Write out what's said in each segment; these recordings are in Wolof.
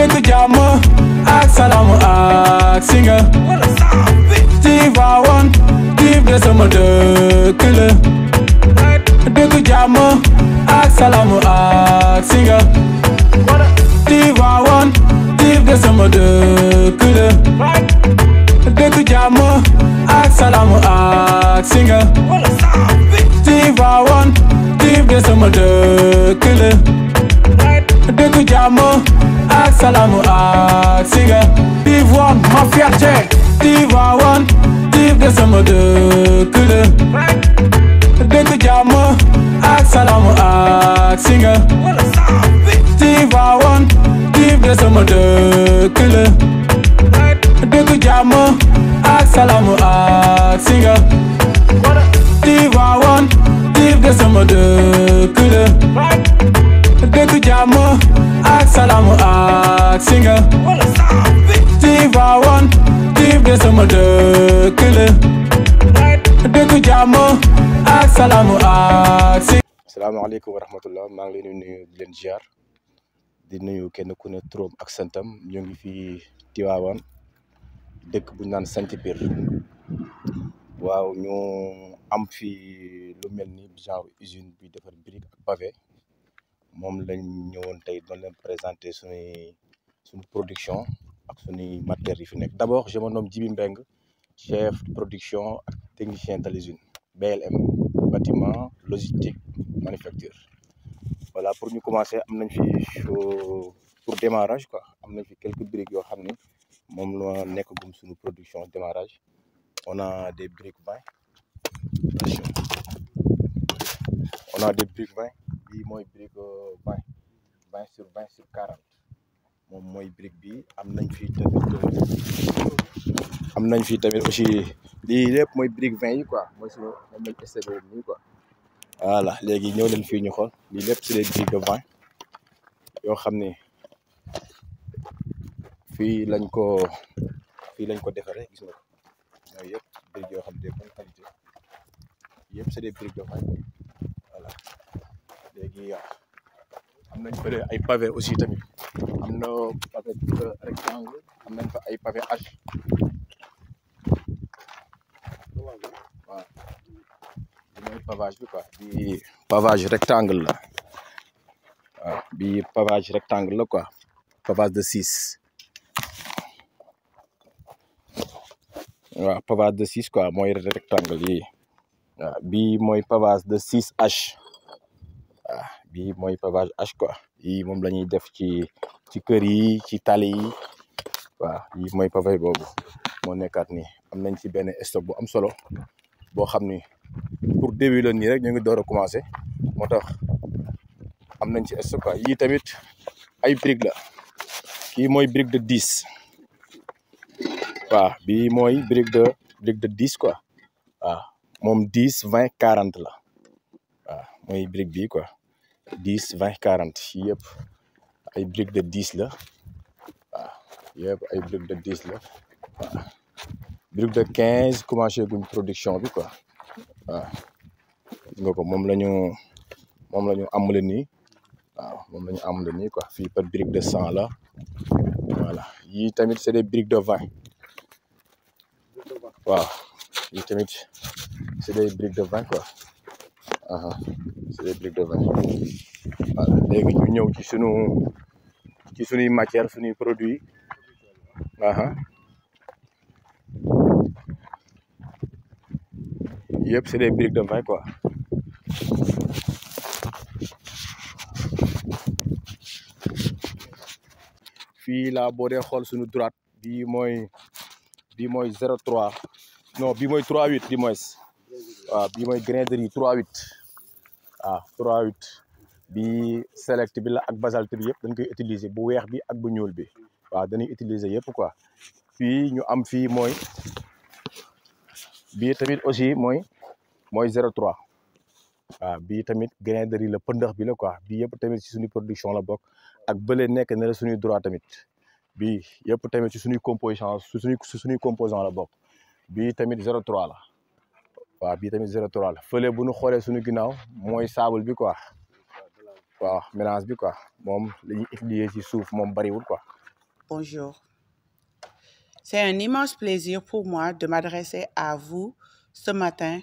Little Jamo, Axalamo, axinga, Diva one, Diva some of the killer. Little Jamo, Axalamo, Axinger. Diva one, Diva some of the killer. Little Jamo, Axalamo, Axinger. Diva one, Diva some of the killer. Little salamu aksiga Div one, mafia check Div one, div de Div a one, div de sama dökülü Dökü camı Ak salamu aksiga Div a one, div de sama laamu ak si nga Tivaouane tiif de sama dëkk la dëkku jàmm ak salaamu ak si asalaamaaleykum wa rahmatullah maa ngi leen di nuyu di leen ziar di nuyu kenn ku ne turam ak santam ñu ngi fi Tivaouane dëkk bu ñu naan Saint-Pire waaw ñu am fi lu mel ni genre usine bi defar brique ak pavé mom lañ ñëwoon tay doon leen présenter suñu suñu production ak suñu matière yi fi nekk d'abord je me nomme Djibi chef de production ak technicien de l'usine BLM bâtiment logistique manufacture voilà pour ñu commencer am nañ fi pour démarrage quoi am nañ fi quelques briques yo xam mom lo la nekk gum suñu production démarrage on a des briques 20 on a des briques 20 bii mooy brique vingt euh, vingt sur vingt sur quarante moom mooy brique bi am nañ fi tamit am nañ fi tamit aussi lii lépp mooy brique vingt yi quoi mooy suñu moom lañ essayé nii quoi voilà léegi ñëw leen fii ñu xool lii lépp si les briques de vingt yoo xam ne fii lañ ko fii lañ ko defaree gis nga ko ñooy yëpp briques yoo xam ne de bonne qualité yëpp c'est des briques de vingt voilà léegi am nañ fële ay pavé aussi tamit am na pavé euh, fa ay pavé arc waaw bi mooy pavage bi quoi bi pavage rectangle la waaw bi pavage rectangle la quoi pavage de six waaw pavage de six quoi mooy rectangle yi waaw bi mooy pavage de six H bi un pavage H quoi yi mom lañuy def ci ci kër yi ci tali yi wa yi moy pavage bobu y ni am nañ ci ben stock bu am pour début la ni rek ñu a motax stock tamit ay la brique de 10. brique de de 10 quoi ah mom dix vingt la brique quoi 10 20 40 yep, ay briques de 10 il y a ay briques de 10 là briques de 15 commencé une production bi quoi ah gis Mom la la amule vous quoi vais par brique de 100 là voilà c'est des briques de 20 tamit c'est des briques de 20 quoi. c'est des briques de verre voilà léegi ñu ñëw ci sunu ci sunuy matière sunuy produit yëpp c'est des briques de vin quoi fii la boo dee xool sunu droite bi mooy bii mooy zéro trois non bii mooy trois huit di moins waaw bii mooy grain de trois huit waaw 3 8 bi select bi la ak basalte bi yëpp dañ koy utiliser bu weex bi ak bu ñuul bi waaw dañuy utiliser yëpp quoi fii ñu am fii mooy bii tamit aussi mooy mooy 03 waaw bii tamit grain de riz la pëndax bi la quoi bi yëpp tamit si suñu production la bokk ak bële nekk na la suñuy droit tamit bi yëpp tamit ci suñuy composition suñuy suñuy composant la bokk bii tamit 03 la Bonjour. C'est un immense plaisir pour moi de m'adresser à vous ce matin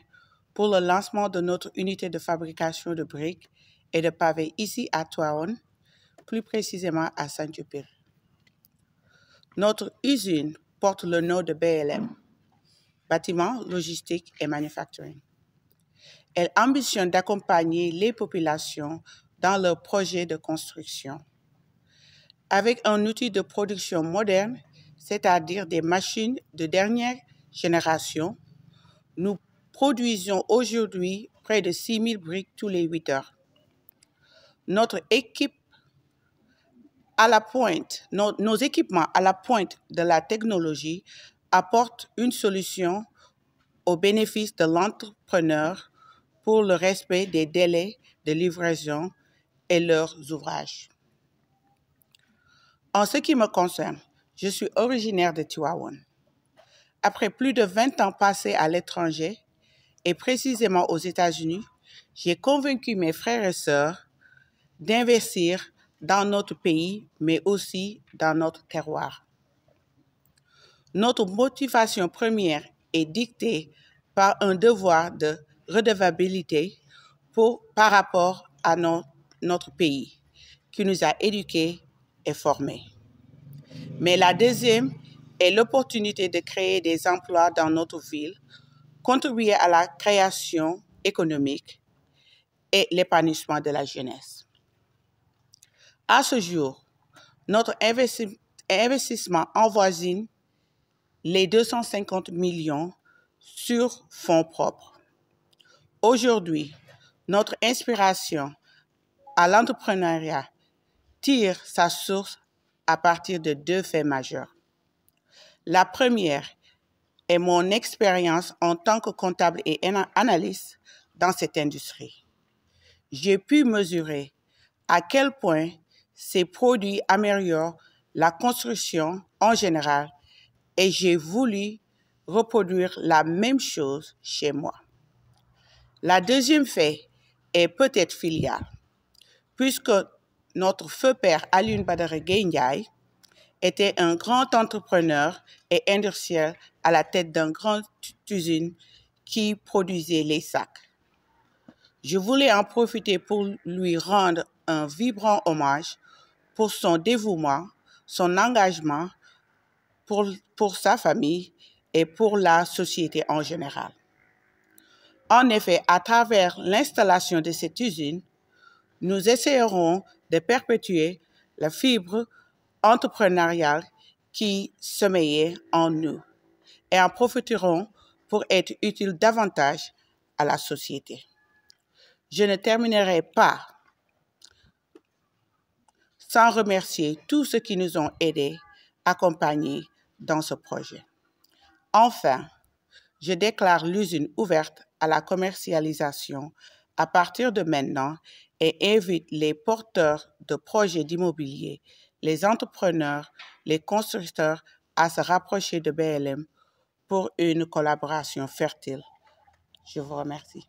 pour le lancement de notre unité de fabrication de briques et de pavés ici à Toaon, plus précisément à saint jupier Notre usine porte le nom de BLM bâtiments, logistique et manufacturing. Elle ambitionne d'accompagner les populations dans leurs projets de construction avec un outil de production moderne, c'est-à-dire des machines de dernière génération. Nous produisons aujourd'hui près de 6000 briques tous les 8 heures. Notre équipe à la pointe, nos équipements à la pointe de la technologie apporte une solution au bénéfice de l'entrepreneur pour le respect des délais de livraison et leurs ouvrages. En ce qui me concerne, je suis originaire de Tiwawan. Après plus de 20 ans passés à l'étranger, et précisément aux États-Unis, j'ai convaincu mes frères et sœurs d'investir dans notre pays, mais aussi dans notre terroir. Notre motivation première est dictée par un devoir de redevabilité pour, par rapport à notre pays qui nous a éduqués et formés. Mais la deuxième est l'opportunité de créer des emplois dans notre ville, contribuer à la création économique et l'épanouissement de la jeunesse. À ce jour, notre investissement en voisine les 250 millions sur fonds propres. Aujourd'hui, notre inspiration à l'entrepreneuriat tire sa source à partir de deux faits majeurs. La première est mon expérience en tant que comptable et analyste dans cette industrie. J'ai pu mesurer à quel point ces produits améliorent la construction en général et j'ai voulu reproduire la même chose chez moi. La deuxième fait est peut-être filiale, puisque notre feu père Alun Badare Ndiaye était un grand entrepreneur et industriel à la tête d'une grande usine qui produisait les sacs. Je voulais en profiter pour lui rendre un vibrant hommage pour son dévouement, son engagement pour, pour sa famille et pour la société en général. En effet, à travers l'installation de cette usine, nous essaierons de perpétuer la fibre entrepreneuriale qui sommeillait en nous et en profiterons pour être utiles davantage à la société. Je ne terminerai pas sans remercier tous ceux qui nous ont aidés, accompagnés dans ce projet. Enfin, je déclare l'usine ouverte à la commercialisation à partir de maintenant et invite les porteurs de projets d'immobilier, les entrepreneurs, les constructeurs à se rapprocher de BLM pour une collaboration fertile. Je vous remercie.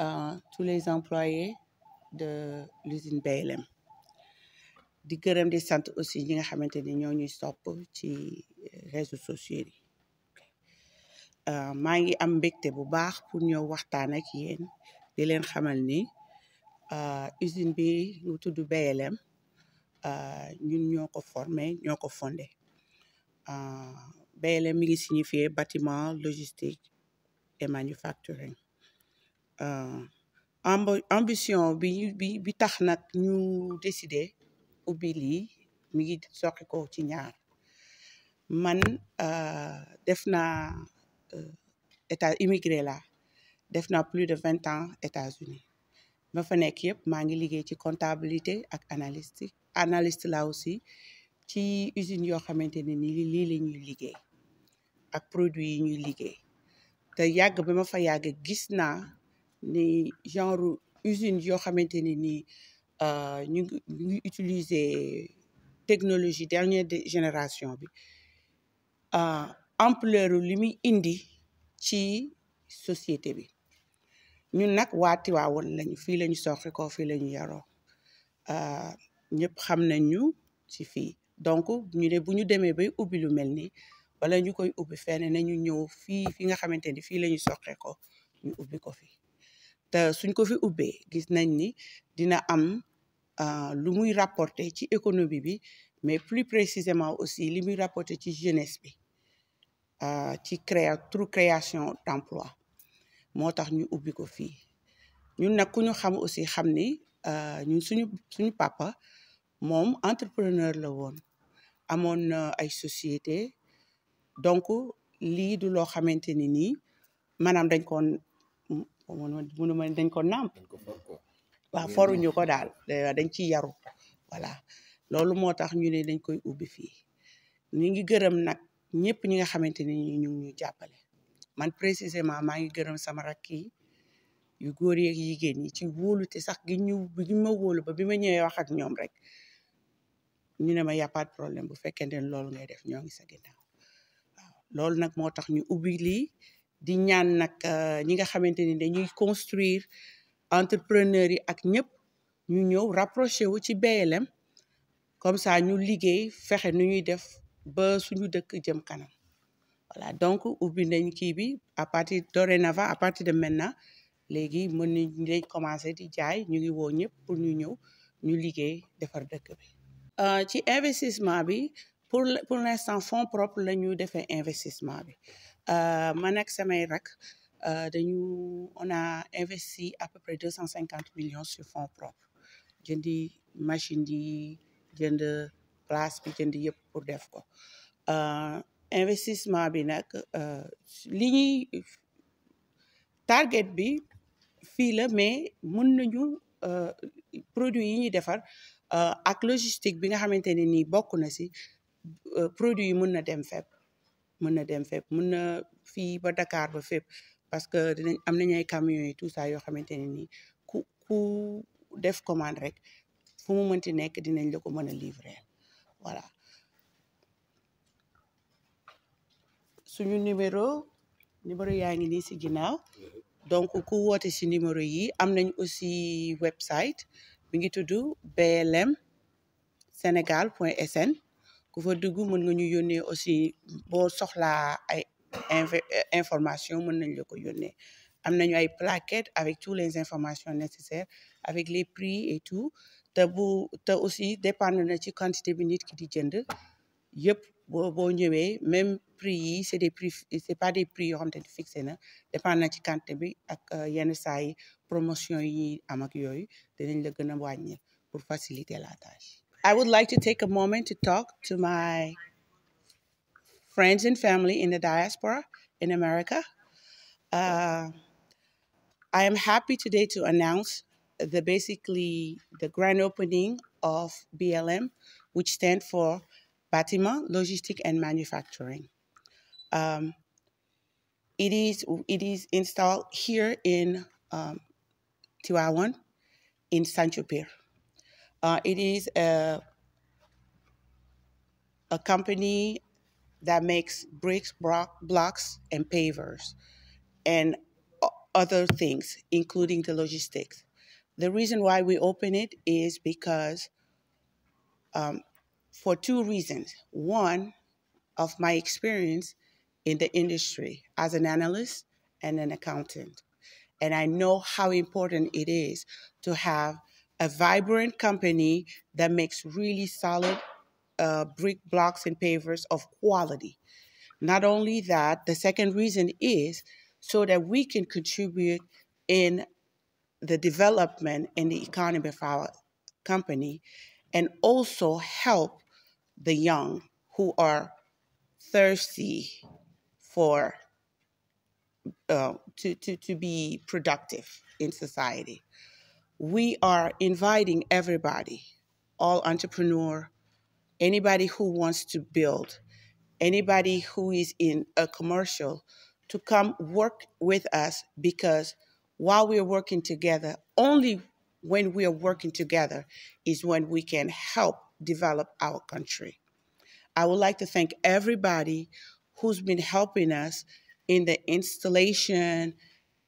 Euh, tous les employés de l'usine BLM di gërëm di aussi ñi nga ñoo ñuy sopp euh, réseaux sociaux euh, ngi am bu baax pour waxtaan ak di leen xamal euh, usine bi BLM BLM bâtiment logistique et manufacturing ambition bi bi bi tax nak ñu décidé ubbi lii mi ngi soqi ko ci ñaar man euh, def naa euh, état immigré là def naa plus de 20 ans États-Unis ma fa nek yépp maa ngi liggéey ci comptabilité ak analyste analyste là aussi ci usine yoo xamante ne nii lii la ñuy liggéey ak produit yi ñuy liggéey te yàgg ba ma fa yàgg gis naa ni genre usines yo xamanteni ni euh ñu ngi utiliser technologie dernière génération bi euh, ampleur li muy indi ci société bi ñun nag waa Tiwaawoon lañu fi lañu soxé ko fi lañu yaro yaroo euh, ñëpp xam nañ ñu ci fi donc ñu né buñu démé bay ubbi lu melni wala ñukoy koy ubbi fenn nañu ñëw fi fi nga xamanteni fi lañu soxé ko ñu ubbi ko fi te suñ ko fi ubbee gis nañ ni dina am euh lu muy rapporter ci économie bi mais plus précisément aussi li muy rapporter ci jeunesse bi euh ci créa trou création d'emploi motax ñu ubbi ko fi ñun nak ku ñu xam aussi xam ni euh ñun suñu suñu papa mom entrepreneur la won amone ay société donc li du lo xamanteni ni manam dañ ko mënu ma dañ ko nàmp waaw foruñu ko daal dañ ci yaru voilà loolu moo tax ñu ne dañ koy ubbi fii ñu ngi gërëm nag ñëpp ñi nga xamante ni ñu ngi jàppale man précisément maa ngi gërëm sama rakk yi yu góor yi ak jigéen ñi ci wóolute sax gi ñu gi ma wóolu ba bi ma ñëwee wax ak ñoom rek ñu ne ma yàppaat problème bu fekkente ne loolu ngay def ñoo ngi sa ginnaaw nag moo tax ñu ubbi di ñaan nag euh, ñi nga xamante ni dañuy construire entrepreneurie yi ak ñëpp ñu ñëw rapproché wu ci BLM comme ça ñu liggéey fexe nu ñuy def ba suñu dëkk jëm kanam voilà donc ubbi nañ kii bi à partir dorénavant à partir de maintenant léegi mën nañ lañ commencé di jaay ñu ngi woo ñëpp pour ñu ñëw ñu liggéey defar dëkk bi. Euh, ci investissement bi pour pour l'instant fonds propres la ñu defee investissement bi. Manak ak samay rak dañu on a investi à peu près 250 millions sur fonds propres jëndi machine yi jënd place bi dis yëpp pour def ko euh, investissement bi nag euh, li target bi file, mais mën nañu euh, produit yi ñuy defar ak logistique bi nga xamante ne na si produit yi mën na dem mën na dem fépp mën na fii ba Dakar ba fépp parce que dinañ am nañ ay camions yi tout ça yoo xamante ne nii ku ku def commande rek fu mu mënti nekk dinañ la ko mën a livrer voilà suñu numéro numéro yaa ngi nii si ginnaaw mhm. donc ku woote si numéro yi am nañ aussi website mi ngi tudd blm sénégal point sn ku fa dugg mën nga ñu yónnee aussi boo soxlaa ay information mën nañ la ko yónnee am nañu ay plaquettes avec tous les informations nécessaires avec les prix et tout te bu te aussi dépendre na ci quantité bi nit ki di jënd yépp boo boo ñëwee même prix yi c'est des prix c'est pas des prix yoo xam te fixé na dépendre na ci quantité bi ak euh, yenn saa yi promotion yi am ak yooyu dinañ la gën a wàññi pour faciliter la tâche I would like to take a moment to talk to my friends and family in the diaspora in America. Uh, I am happy today to announce the basically the grand opening of BLM, which stands for Bâtiment, Logistique and Manufacturing. Um, it is it is installed here in um, Tiwawan in saint Pier. Uh, it is a, a company that makes bricks, blocks, and pavers, and other things, including the logistics. The reason why we open it is because um, for two reasons. One, of my experience in the industry as an analyst and an accountant. And I know how important it is to have a vibrant company that makes really solid uh, brick blocks and pavers of quality. Not only that, the second reason is so that we can contribute in the development in the economy of our company and also help the young who are thirsty for uh, to, to, to be productive in society we are inviting everybody, all entrepreneur, anybody who wants to build, anybody who is in a commercial to come work with us because while we're working together, only when we are working together is when we can help develop our country. I would like to thank everybody who's been helping us in the installation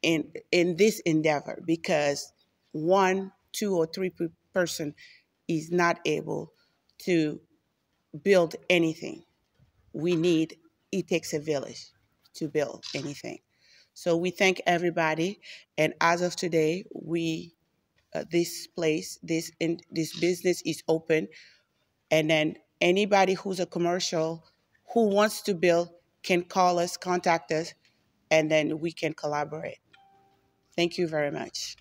in in this endeavor because one, two, or three person is not able to build anything. We need, it takes a village to build anything. So we thank everybody. And as of today, we, uh, this place, this, in, this business is open. And then anybody who's a commercial who wants to build can call us, contact us, and then we can collaborate. Thank you very much.